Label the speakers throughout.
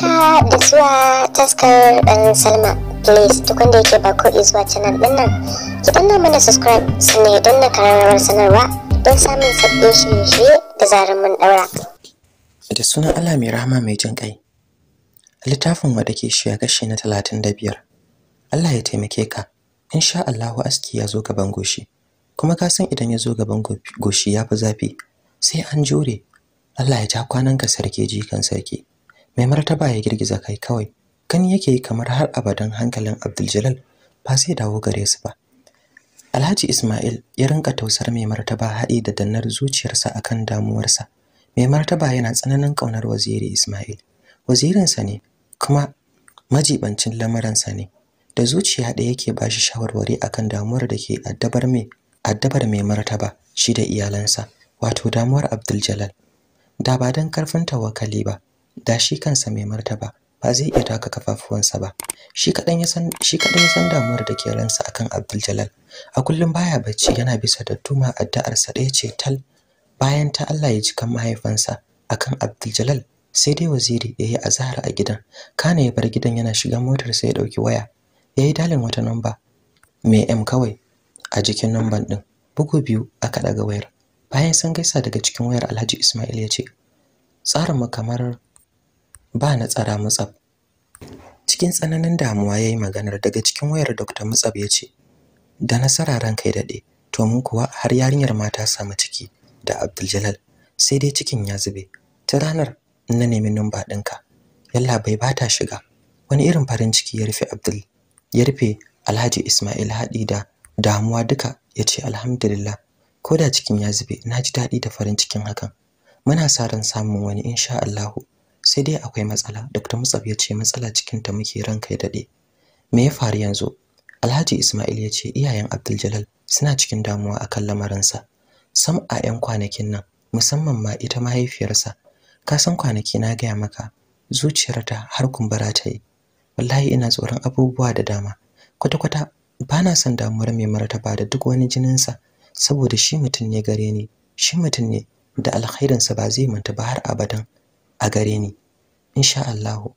Speaker 1: haka da zuwa taskar dan salma please duk wanda yake ba ko zuwa canal din nan ki danna mana subscribe sannan ya danna karamar sanarwa don samun sabbin shirye-shirye da zarar mun daura da sunan allah mai rahama mai jin kai littafin wa dake shi ya na talatin da biyar allah ya taimake ka insha allahu aski ya zo gaban goshi kuma ka san idan ya zo gaban goshi ya fi zafi sai an jure allah ya ja ka sarki jikan sarki mai martaba ya girgiza kai kawai gani yake yi kamar har abadan hankalin Abdul ba sai dawo gare su ba Alhaji Ismail ya rinka tausar mai martaba haɗi da dannar zuciyarsa akan damuwarsa mai martaba yana tsananin ƙaunar waziri Ismail wazirinsa ne kuma majibancin lamaransa ne da zuciya da yake ba shi shawarwari akan damuwar da ke addabar mai addabar mai martaba shi da iyalansa wato damuwar Abdul Jalal da ba dan karfin tawakkali ba da shi kansa mai martaba ba zai iya taka kafafuwansa ba shi kadan ya san shi kadan ya san damuwar da ke ransa akan Abdul Jalal a kullum baya bacci yana bisa dattuma addu'ar sa ɗaya ce tal bayan ta Allah ya ji kan mahaifansa akan Abdul Jalal sai dai waziri yayi azhara a gidan kana ya bar gidan yana shiga motar sai ya dauki waya yayi dalin wata namba mai M kawai a jikin namban din bugu biyu aka daga wayar bayan sun gaisa daga cikin wayar Alhaji Ismail ya ce tsarin mu kamar ba na tsara Mutsab. cikin tsananin damuwa yayi maganar daga cikin wayar Dr. Mutsab ya ce da nasara ran kai dade to mun kuwa har yarinyar mata ta samu ciki da Abdul sai dai cikin ya zube ta ranar na nemi numba ɗinka yalla bai bata shiga wani irin farin ciki ya rufe Abdul ya rufe Alhaji Ismail haɗi da damuwa duka ya ce alhamdulillah ko da cikin ya zube na ji daɗi da farin cikin hakan muna sa ran samun wani insha Allahu sai dai akwai matsala dr musab ya ce matsala cikin ta muke ran kai daɗe. me ya faru yanzu alhaji ismail ya ce iyayen abdul jalal suna cikin damuwa akan lamarinsa sam a 'yan kwanakin nan musamman ma ita mahaifiyarsa ka san kwanaki na gaya maka zuciyarta har kumbura ta yi wallahi ina tsoron abubuwa da dama kwata-kwata ba na son damuwar mai martaba da duk wani jininsa saboda shi mutum ne gare ni shi mutum ne da alkhairinsa ba zai manta ba har abadan a gare ni insha Allahu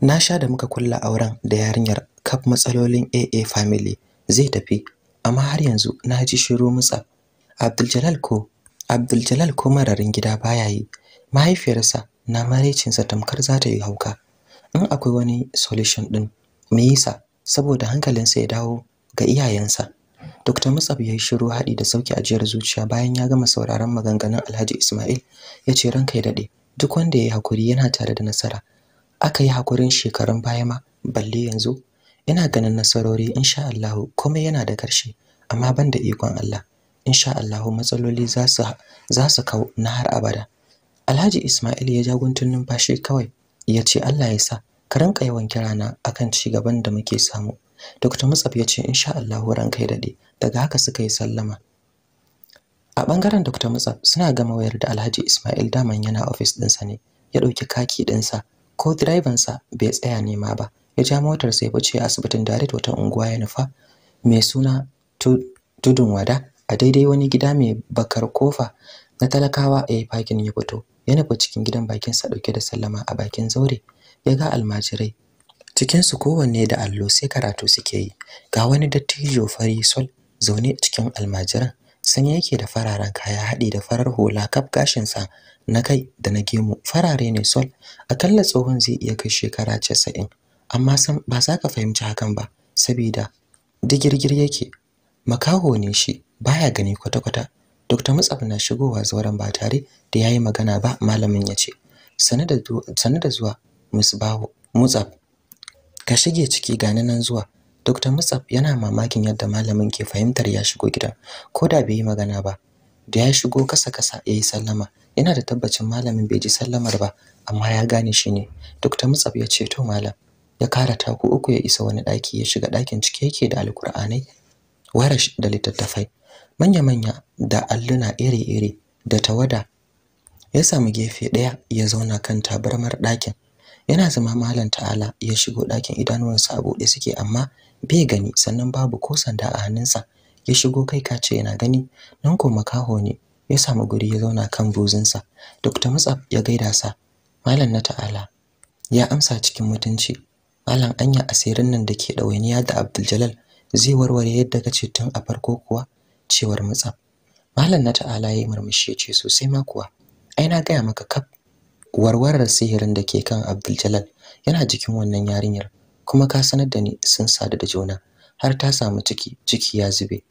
Speaker 1: na sha da muka kulla auren da yarinyar kaf matsalolin AA family zai tafi amma har yanzu na ji shiru mutsa Abdul ko Abdul ko mararin gida baya yi mahaifiyarsa na maraicinsa tamkar za ta yi hauka in akwai wani solution din me yasa saboda hankalinsa ya dawo ga iyayensa Dr. Musab ya shiru haɗi da sauki ajiyar zuciya bayan ya gama sauraron maganganun Alhaji Ismail ya ce ranka ya daɗe duk wanda ya yi hakuri yana tare da nasara aka yi hakurin shekarun baya ma balle yanzu ina ganin nasarori insha Allah kuma yana da ƙarshe amma ban da ikon Allah insha Allah matsaloli za su za su kau na har abada Alhaji Ismail ya jaguntun numfashi kawai ya ce Allah ya sa ka ranka yawan kirana akan ci gaban da muke samu Dr. Mutsaf ya ce insha Allah ranka ya dade daga haka suka yi sallama a bangaren Dr. Mutsaf suna gama wayar da Alhaji Ismail daman yana ofis ɗinsa ne ya ɗauki kaki ɗinsa ko direbansa bai tsaya nema ba ya ja motar sai bace asibitin Darit wata unguwa ya nufa mai suna Tudun Wada a daidai wani gida mai bakar kofa na talakawa a fakin ya fito ya nufa cikin gidan bakin sa dauke da sallama a bakin zaure ya ga almajirai cikin su kowanne da allo sai karatu suke yi ga wani dattijo fari sol zaune cikin almajiran sanye yake da fararen kaya haɗi da farar hula kaf gashinsa na kai da na gemu farare ne sol akalla tsohon zai iya kai shekara casa'in amma san ba za ka fahimci hakan ba saboda digirgir yake makaho ne shi baya gani kwata-kwata Dr. Mutsaf na shigowa zauren ba tare da yayi magana ba malamin ya ce sane da zuwa Miss Mutsaf ka shige ciki gani nan zuwa Dr. Musab yana mamakin yadda malamin ke fahimtar ya shigo gidan, ko da bai yi magana ba. Da ya shigo kasa-kasa ya yi sallama, yana da tabbacin malamin bai ji sallamar ba, amma ya gane shi ne. Dr. Musab ya ce, "To malam." Ya kara taku uku ya isa wani ɗaki ya shiga ɗakin cike yake da alkur'anai, warash da littattafai, manya-manya da alluna iri-iri da tawada. Ya samu gefe ɗaya ya zauna kan tabarmar ɗakin. Yana zama malam Ta'ala ya shigo ɗakin idanuwansa a buɗe suke amma bai gani sannan babu ko sanda a hannunsa ya shigo kai kace yana gani nan ko makaho ne ya samu guri ya zauna kan buzinsa Dr. Mutsaf ya gaida sa Malam na ta'ala ya amsa cikin mutunci Malam anya asirin nan dake ke ɗawainiya da Abduljalal zai warware yadda kace tun a farko kuwa cewar Mutsaf Malam na ta'ala ya murmushi ce sosai ma kuwa ai na gaya maka kaf warwarar sihirin da ke kan Abduljalal yana jikin wannan yarinyar kuma ka sanar da ni sun sadu da juna har ta samu ciki ciki ya zube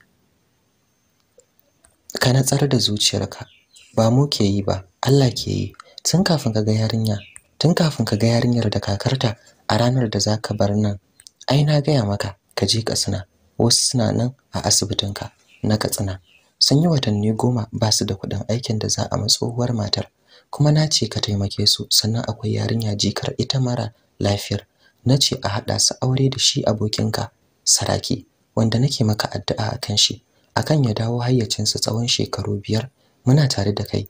Speaker 1: ka natsar da zuciyarka ba mu ke yi ba Allah ke yi tun kafin ka ga yarinya tun kafin ka ga yarinyar da kakarta a ranar da zaka bar nan ai na gaya maka ka je ka katsina wasu suna nan a asibitinka na katsina sun yi watanni goma ba su da kuɗin aikin da za a matsohuwar matar kuma na ce ka taimake su sannan akwai yarinya jikar ita mara lafiyar na ce a haɗa su aure da shi abokinka saraki wanda nake maka addu'a akan shi akan ya dawo hayyacinsa tsawon shekaru biyar muna tare da kai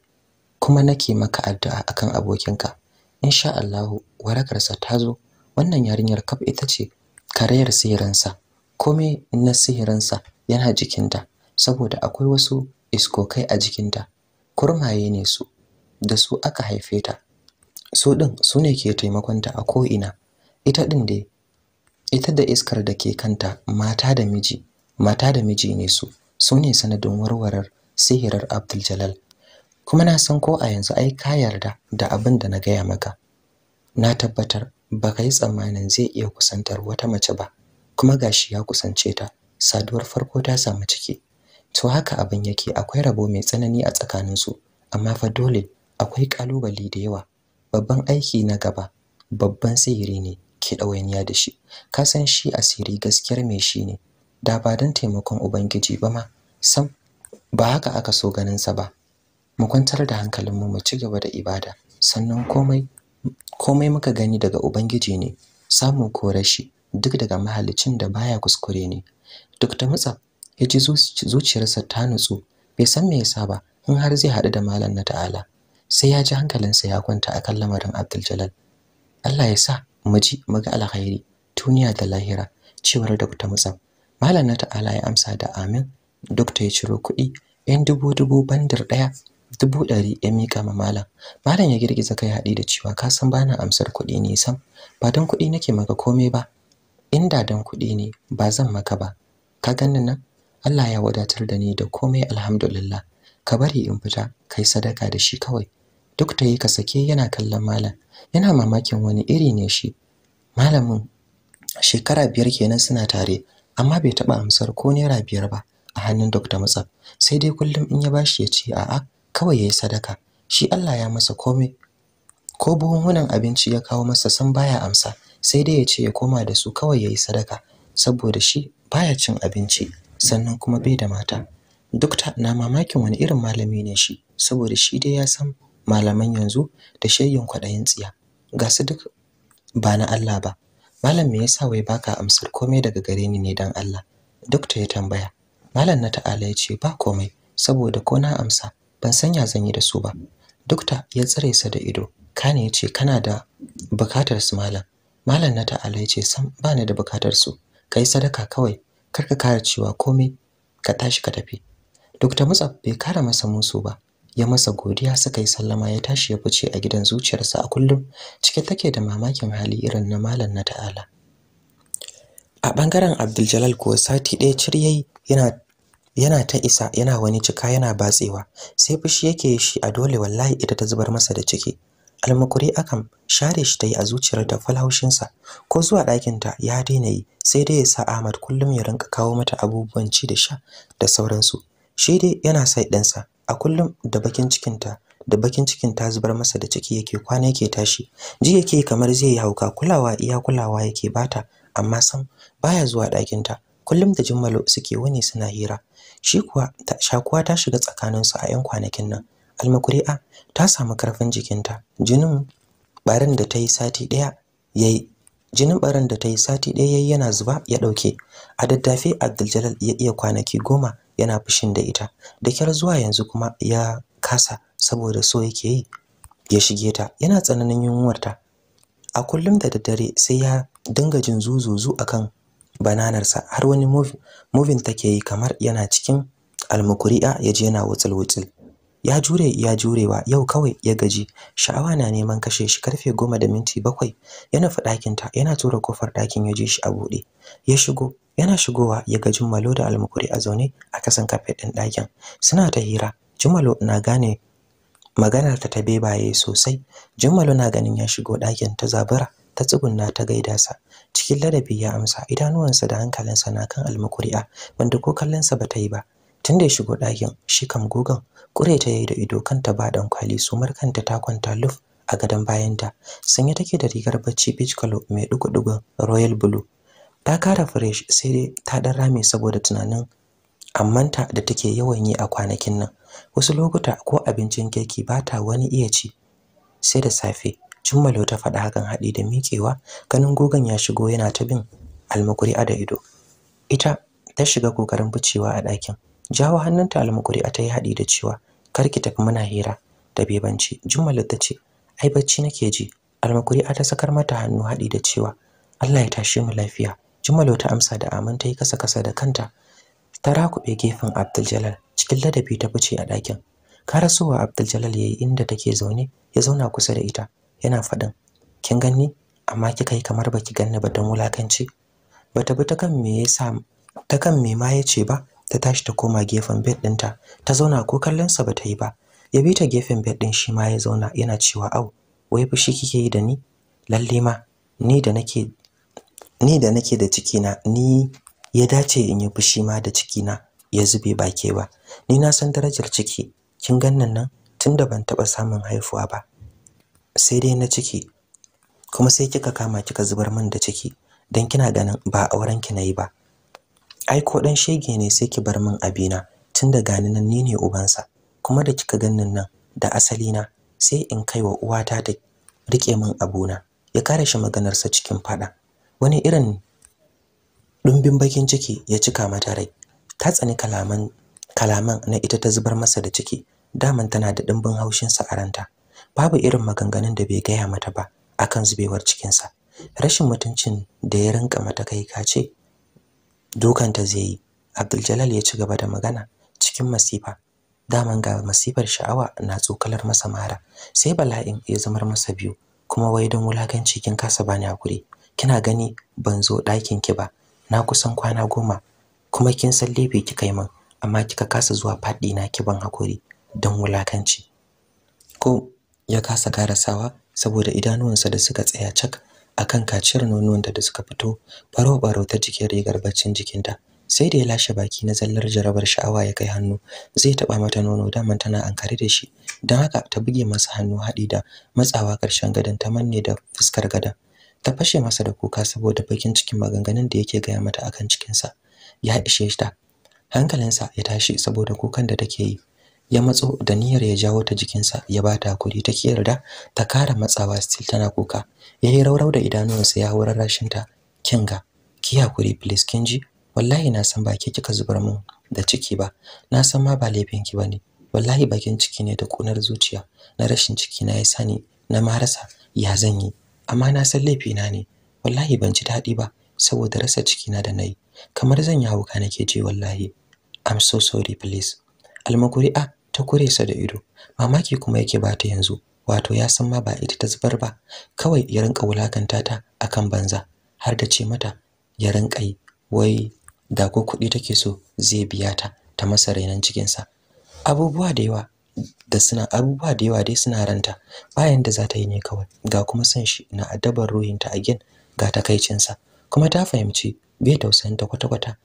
Speaker 1: kuma nake maka addu'a akan abokinka insha Allah warakarsa ta zo wannan yarinyar kaf ita ce karayar sihirinsa komai na sihirinsa yana jikinta saboda akwai wasu iskokai a jikinta kurmaye ne su da su aka haife ta su ɗin su ne ke taimakonta a ko'ina ita din dai ita da iskar da ke kanta mata da miji mata da miji ne su su ne sanadin warwarar sihirar Abdul kuma na san ko a yanzu ai ka yarda da abin da na gaya maka na tabbatar baka yi tsammanin zai iya kusantar wata mace ba kuma gashi ya kusance ta saduwar farko ta samu ciki to haka abin yake akwai rabo mai tsanani a tsakaninsu amma fa dole akwai kalubale da yawa babban aiki na gaba babban sihiri ne ke ɗawainiya da shi ka san shi asiri gaskiyar me shi ne da ba don taimakon ubangiji ba ma sam ba haka aka so ganinsa ba mu kwantar da hankalinmu mu ci gaba da ibada sannan komai komai muka gani daga ubangiji ne Samun kore shi duk daga mahalicin da baya kuskure ne duk ta matsa ya ji zuciyarsa ta nutsu bai san me yasa ba in har zai haɗu da malam na ta'ala sai ya ji hankalinsa ya kwanta akan lamarin abdul Allah ya sa muji ji muga alkhairi duniya da lahira cewar Dr. Mutsam Malam na ta'ala ya amsa da amin doctor ya ciro kuɗi yan dubu dubu bandar ɗaya dubu dari ya mika ma malam malam ya girgiza kai haɗi da cewa ka san bana amsar kuɗi ne sam ba dan kuɗi nake maka komai ba inda dan kuɗi ne ba zan maka ba ka ganni nan Allah ya wadatar da ni da komai alhamdulillah ka bari in fita kai sadaka da shi kawai duk ta yi ka sake yana kallon malam yana mamakin wani iri ne shi malamin shekara biyar kenan suna tare amma bai taba amsar ko naira biyar ba a hannun Dr. Mutsaf sai dai kullum in ya bashi ya ce a'a kawai ya yi sadaka shi Allah ya masa komai ko buhunhunan abinci ya kawo masa san baya amsa sai dai ya ce ya koma da su kawai ya yi sadaka saboda shi baya cin abinci sannan kuma bai da mata Dokta na mamakin wani irin malami ne shi saboda shi dai ya san malaman yanzu da shayyin kwaɗayin tsiya ga su duk ba na Allah ba malam me yasa wai baka amsar komai daga gare ni ne dan Allah dokta ya tambaya malam na ta'ala ya ce ba komai saboda ko na amsa ban sanya zan yi da su ba dokta ya tsare sa da ido kane ya ce kana da bukatar su malam malam na ta'ala ya ce sam ba ni da bukatar su kai sadaka kawai kar ka kara cewa komai ka tashi ka tafi dokta mutsaf bai kara masa musu ba ya masa godiya suka yi sallama ya tashi ya fice a gidan zuciyarsa a kullum cike take da mamakin hali irin na malam na ta'ala a bangaren Abdul kuwa sati ɗaya ciryayi yana ta isa yana wani cika yana batsewa sai fushi yake shi a dole wallahi ita ta zubar masa da ciki almakuri akan share shi ta yi a zuciyar da falhaushinsa ko zuwa ɗakinta ya daina yi sai dai ya sa Ahmad kullum ya rinka kawo mata abubuwan ci da sha da sauransu shi dai yana sai ɗinsa a kullum da bakin cikinta da bakin cikin ta zubar masa da ciki yake kwana yake tashi ji yake kamar zai yi hauka kulawa iya kulawa yake bata amma sam baya zuwa ɗakinta kullum da jummalo suke wani suna hira shi kuwa shakuwa ta shiga tsakaninsu a 'yan kwanakin nan almakuri'a ta samu karfin jikinta jinin barin da ta yi sati ɗaya ya jinin barin da ta yi sati ɗaya yayi yana zuba ya ɗauke a daddafe abdul ya iya kwanaki goma yana fushin da ita da kyar zuwa yanzu kuma ya kasa saboda so yake yi ya shige ta yana tsananin yunwarta a kullum da daddare sai ya dinga jin zuzuzu akan bananarsa har wani movin take yi kamar yana cikin almukuri'a ya je yana wutsul-wutsul ya jure ya jurewa yau kawai ya gaji sha'awa na neman kashe shi karfe goma da minti bakwai ya nufi ɗakinta yana tura kofar ɗakin ya je shi a buɗe ya shigo yana shigowa ya ga jummalo da almukuri a zaune a kasan kafe ɗin ɗakin suna ta hira jummalo na gane maganar ta bebaye sosai jummalo na ganin ya shigo ɗakin ta zabura ta tsugunna ta gaida sa cikin ladabi ya amsa idanuwansa da hankalinsa na kan almukuri'a wanda ko kallonsa ba ta yi ba Tunda ya shigo ɗakin shi kam gogon kure ta yayi da ido kanta ba dan kwali su markanta ta kwanta luf a gadon bayanta sanye take da rigar bacci beige color mai dugu royal blue ta kara fresh sai dai ta dan rame saboda tunanin ammanta da take yawan yi a kwanakin nan wasu lokuta ko abincin keki ba ta wani iya ci sai da safe jummalo ta faɗa hakan haɗi da miƙewa ganin gogon ya shigo yana ta bin almakuri a da ido ita ta shiga kokarin bucewa a ɗakin jawo hannunta almukuri a ta yi haɗi da cewa kar ki tafi muna hira da bebanci jummalar ta ce ai bacci nake ji almukuri a ta sakar mata hannu haɗi da cewa Allah ya tashe mu lafiya jummalo ta amsa da amin ta yi kasa kasa da kanta ta rakuɓe gefen Abdul cikin ladabi ta fice a ɗakin karasowa Abdul Jalal yayi inda take zaune ya zauna kusa da ita yana faɗin kin ganni amma kika yi kamar baki ganni ba don wulakanci bata bi ta kan me yasa ta kan me ma yace ba ta tashi ta koma gefen bed ɗinta ta zauna ko kallon sa bata yi ba ya bi ta gefen bed ɗin shi ma ya zauna yana cewa au wai fushi kike yi da ni lalle ma ni da nake ni da nake da ciki na ni ya dace in yi fushi ma da ciki na ya zube ba ke ba ni na san darajar ciki kin gannan nan tunda ban taba samun haifuwa ba sai dai na ciki kuma sai kika kama kika zubar min da ciki dan kina ganin ba auren ki nayi ba ai ko dan shege ne sai ki bar min abina tunda gani nan ni ne ubansa kuma da kika ganin nan da asali na sai in kai wa uwata ta rike min abu na. ya kare shi maganarsa cikin fada wani irin dumbin bakin ciki ya cika mata rai ta tsani kalaman kalaman na ita ta zubar masa da ciki daman tana da dumbin haushin sa a ranta babu irin maganganun da bai gaya mata ba akan zubewar cikinsa rashin mutuncin da ya rinka mata kai kace dukanta zai yi Abdul ya ci gaba da magana cikin masifa daman ga masifar sha'awa na tsokalar masa mara sai bala'in ya zamar masa biyu kuma wai don wulakanci kin kasa bani hakuri kina gani ban zo ɗakin ki ba na kusan kwana goma kuma kin san lebe kika yi min amma kika kasa zuwa faɗi na ki ban hakuri don wulakanci ko ya kasa karasawa saboda idanuwansa da suka tsaya cak akan kaciyar nonuwanta da suka fito baro-baro ta cikin rigar baccin jikinta sai da ya lashe baki na zallar jarabar sha'awa ya kai hannu zai taba mata nono daman tana ankare da shi don haka ta buge masa hannu haɗi da matsawa karshen gadon ta manne da fuskar gadon ta fashe masa da kuka saboda bakin cikin maganganun da yake gaya mata akan cikinsa ya ishe ta hankalinsa ya tashi saboda kukan da take yi ya matso da niyyar ya jawo ta jikinsa ya bata kuri hakuri ta ki yarda ta kara matsawa still tana kuka yayi raurau da idanuwansa ya haurar rashin ta kinga ki hakuri please kin wallahi na san ba ke kika zubar mu da ciki ba na san ma ba laifin ki bane wallahi bakin ciki ne da kunar zuciya na rashin ciki na ya sani na marasa, ya zan yi amma na san laifi na ne wallahi ban ji daɗi ba saboda rasa ciki na da nayi kamar zan yi hauka nake ji wallahi i'm so sorry please almakuri'a ta kure sa da ido mamaki kuma yake ta yanzu wato ya san ma ba ita ta zubar ba kawai ya rinka wulakanta ta akan banza har da ce mata ya rinka yi wai da ko kuɗi take so zai biya ta ta masa rainan cikinsa abubuwa da yawa da suna abubuwa da yawa dai suna ranta bayan da za ta yi ne kawai ga kuma san shi na addabar ruhinta a gin ga takaicinsa kuma ta fahimci bai ta kwata-kwata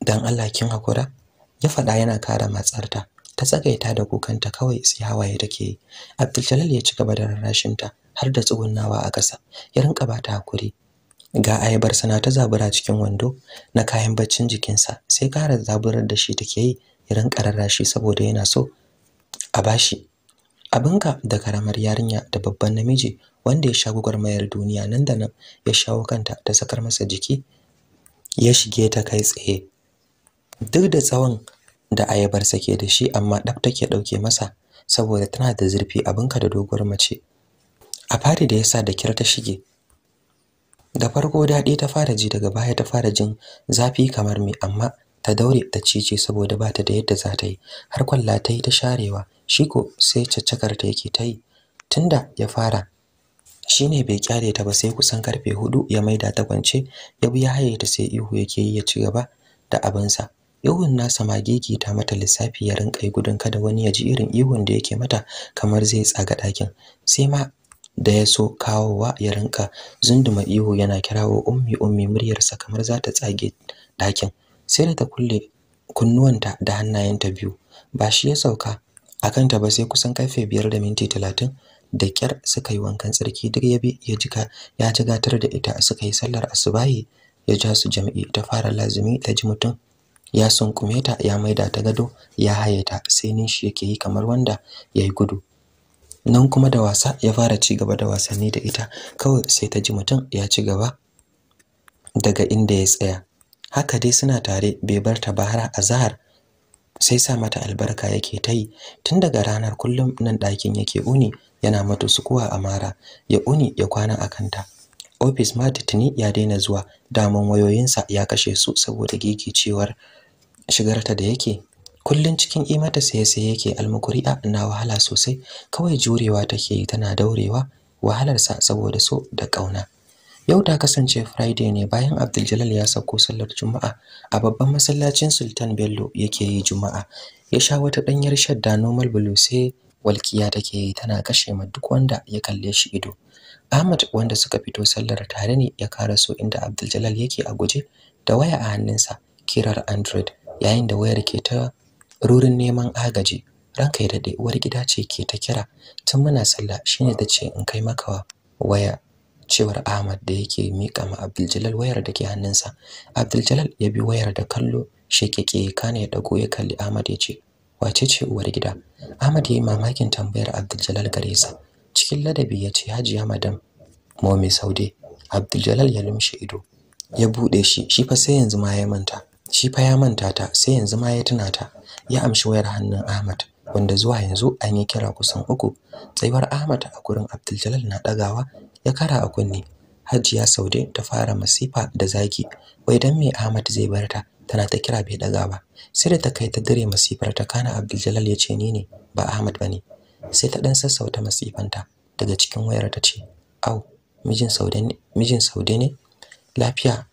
Speaker 1: dan Allah kin hakura ya faɗa yana kara matsarta ta tsagaita da kukanta kawai sai hawaye take yi Abdul ya ci gaba da rarrashinta har da tsugunnawa a ƙasa ya rinka bata hakuri ga ayabar sana ta zabura cikin wando na kayan baccin jikinsa sai kara zaburar da shi take yi ya rinka rarrashi saboda yana so a bashi abinka da karamar yarinya da babban namiji wanda ya sha gwagwarmayar duniya nan da nan ya shawo kanta ta sakar masa jiki ya shige ta kai tsaye duk da tsawon da ayabar sake da shi amma ɗaf take ɗauke masa saboda tana da zurfi abinka da doguwar mace a fari da yasa da kira ta shige da farko daɗi ta fara ji daga baya ta fara jin zafi kamar mai amma ta daure ta cice saboda ba ta da yadda za ta yi har kwalla ta yi ta sharewa shi ko sai caccakar ta yake ta yi tunda ya fara Shi ne bai kyale ta ba sai kusan karfe hudu ya maida ta kwance ya bi ya haye ta sai ihu yake yi ya ci gaba da abinsa ihun nasa ma ta mata lissafi ya rinka yi gudun kada wani ya ji irin ihun da yake mata kamar zai tsaga ɗakin sai ma da ya so kawowa ya rinka zunduma ihu yana kirawo ummi ummi muryarsa kamar za ta tsage ɗakin sai da ta kulle kunnuwanta da hannayenta biyu ba shi ya sauka a kanta ba sai kusan karfe biyar da minti talatin da ƙyar suka yi wankan tsarki duk ya bi ya jika ya jigatar da ita suka yi sallar asubahi ya ja su jam'i ta fara lazumi ta ji mutum ya sunkume ta ya maida ta gado ya haye ta sai nishi yake yi kamar wanda yayi gudu nan kuma da wasa ya fara ci gaba da wasanni da ita kawai sai ta ji mutum ya ci gaba daga inda ya tsaya haka dai suna tare bai bar ta ba har azhar sai sa mata albarka yake ta yi tun daga ranar kullum nan ɗakin yake uni yana mata sukuwa a mara ya uni ya kwana a kanta ofis ma tuni ya daina zuwa daman wayoyinsa ya kashe su saboda gigicewar shigarta da yake kullun cikin imata sai yake almukuri'a na wahala sosai kawai jurewa take yi tana daurewa wahalarsa saboda so da ƙauna yau ta kasance friday ne bayan abdul ya sauko sallar juma'a a babban masallacin sultan bello yake yi juma'a ya sha wata ɗanyar shadda normal blue sai walkiya take yi tana kashe ma duk wanda ya kalle shi ido Ahmad wanda suka fito sallar tare ne ya karaso inda Abdul yake a guje da waya a hannunsa kirar Android yayin da wayar ke ta rurin neman agaji ranka ya dade uwar gida ce ke ta kira tun muna sallah shine ta ce in kai maka waya cewar Ahmad da yake mika ma Abdul wayar da ke hannunsa Abdul Jalal ya bi wayar da kallo shekeke kana ya dago ya kalli Ahmad ya ce wace ce uwar gida Ahmad ya yi mamakin tambayar Abdul Jalal gare sa cikin ladabi ya ce Hajiya madam mai Saude Abdul Jalal ya lumshe ido ya bude shi shi fa sai yanzu ma ya manta shi fa ya manta ta sai yanzu ma ya tuna ta ya amshi wayar hannun Ahmad wanda zuwa yanzu an yi kira kusan uku tsayuwar Ahmad a gurin Abdul na dagawa ya kara a kunne Hajiya Saude ta fara masifa da zaki wai dan me Ahmad zai bar ta tana ta kira bai daga ba sai da ta kai ta dire masifar ta kana Abdul ya ce ni ne ba Ahmad bane sai ta dan sassauta masifanta daga cikin wayar ta ce au mijin Saude ne mijin Saude ne lafiya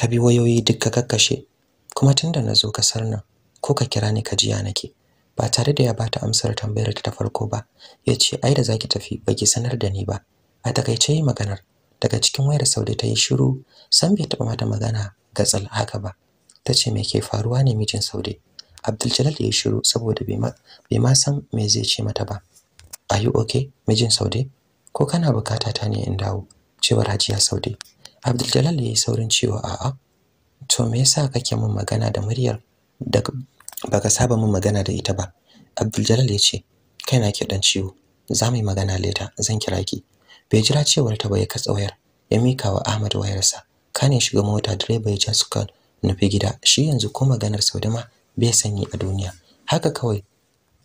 Speaker 1: ka bi wayoyi duk ka kakkashe kuma tunda na zo kasar nan ko ka kira ni ka jiya nake ba tare da ya bata amsar tambayar ta ta farko ba ya ce ai da zaki tafi baki sanar da ni ba a takaice maganar daga cikin wayar saude ta yi shiru san bai taɓa mata magana ga tsal haka ba ta ce me ke faruwa ne mijin saude abdul jalal ya yi shiru saboda bai ma san me zai ce mata ba are you okay mijin saude ko kana bukata ta ne in dawo cewar hajiya saude Abdul ya yi saurin cewa a'a to me yasa kake min magana da muryar da baka saba min magana da ita ba Abdul Jalal ya ce kaina ke dan ciwo za mu yi magana leta zan kira ki bai jira cewar ta ba ya katsa wayar ya mika wa Ahmad wayarsa kane shiga mota direba ya ja suka nufi gida shi yanzu ko maganar Saudama bai sanyi a duniya haka kawai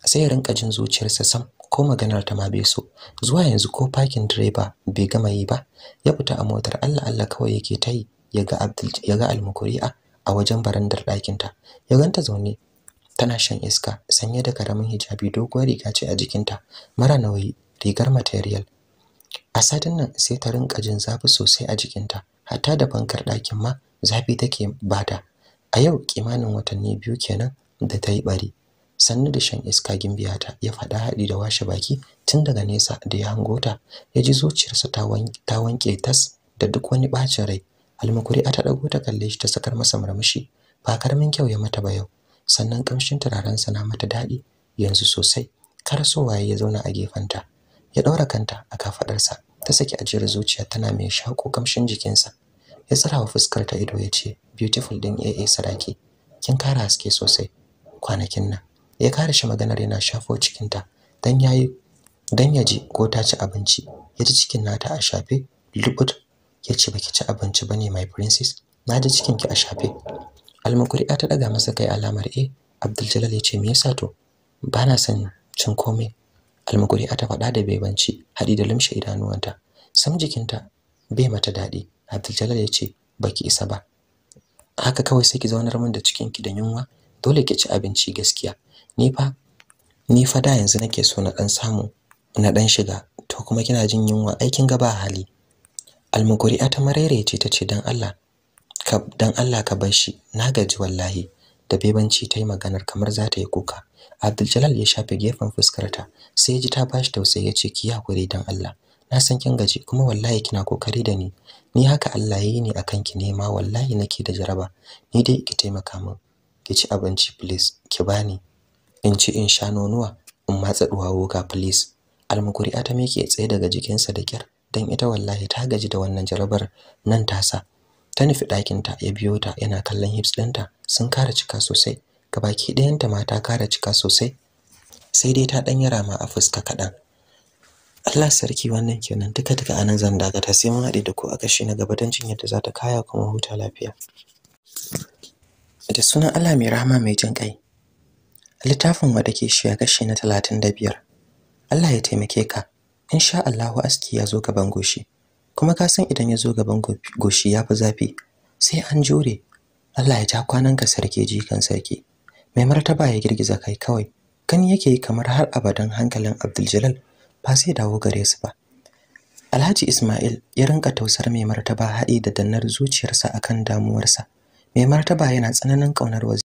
Speaker 1: sai ya rinka jin zuciyarsa sam ko maganar ta ma bai so zuwa yanzu ko fakin direba bai gama yi ba ya fita a motar Allah Allah kawai yake ta yi ya ga Abdul ya Almukuri'a a wajen barandar ɗakin ta ya ganta zaune tana shan iska sanye da karamin hijabi doguwar riga ce a jikinta mara nauyi rigar material a satin nan sai ta rinka jin zafi sosai a jikinta hatta da fankar ɗakin ma zafi take bada a yau kimanin watanni biyu kenan da ta yi bari sannu da shan iska gimbiyata ya faɗa haɗi da washe baki tun daga nesa da ya hango ta ya ji zuciyarsa ta wanke tas da duk wani ɓacin rai almakuri ta ɗago ta kalle shi ta sakar masa murmushi ba karamin kyau ya mata ba yau sannan kamshin sa na mata daɗi yanzu sosai Kar so waye ya zauna a gefenta ya ɗaura kanta a kafaɗarsa ta saki ajiyar zuciya tana mai shaƙo ƙamshin jikinsa ya tsara wa fuskar ta ido ya ce beautiful din AA Saraki kin kara haske sosai kwanakin nan ya kare shi maganar yana shafo cikinta dan yayi dan ya ji ko ta ci abinci ya cikin nata a shafe lubut ya ce baki ci abinci bane my princess na ji cikin ki a shafe Almukuriya ta daga masa kai alamar e abdul jalal ya ce me yasa to bana san cin komai Almukuriya ta faɗa da bebanci haɗi da lumshe idanuwanta sam jikinta bai mata daɗi abdul jalal ya ce baki isa ba haka kawai sai ki zaunar min da cikin ki da yunwa dole ki ci abinci gaskiya ni fa ni fa da yanzu nake so na dan samu na dan shiga to kuma kina jin yunwa aikin gaba hali almuguri'a ta marerece ta ce dan Allah ka dan Allah ka bar shi na gaji wallahi da bebanci ta yi maganar kamar za ta yi kuka Abdul ya shafe gefen fuskarta sai ya ji ta bashi tausayi ya ce ki hakuri dan Allah na san kin gaji kuma wallahi kina kokari da ni ni haka Allah yayi ni akan ki nema wallahi nake da jaraba ni dai ki taimaka min ki ci abinci please ki bani in ci in sha nonuwa in matsa duwawo ga police Almukuri ata meke tsaye daga jikinsa da kyar dan ita wallahi ta gaji da wannan jarabar nan tasa ta nufi ta ya biyo ta yana kallon hips ɗinta sun kara cika sosai gabaki ɗayanta ma ta kara cika sosai sai dai ta ɗan yara ma a fuska kaɗan Allah sarki wannan kenan duka duka nan zan dakata sai mun haɗe da ku a kashi na gaba don cinye da za ta kaya kuma huta lafiya da sunan Allah mai rahama mai jin ƙai littafin wa shi shiya kashi na talatin da biyar. Allah ya taimake ka insha Allahu aski ya zo gaban goshi kuma ka san idan ya zo gaban goshi ya fi zafi sai an jure Allah ya ja ka sarki jikan sarki mai martaba ya girgiza kai kawai kan yake yi kamar har abadan hankalin Abdul ba sai dawo gare su ba Alhaji Ismail ya rinka tausar mai martaba haɗi da dannar zuciyarsa akan damuwarsa mai martaba yana tsananin ƙaunar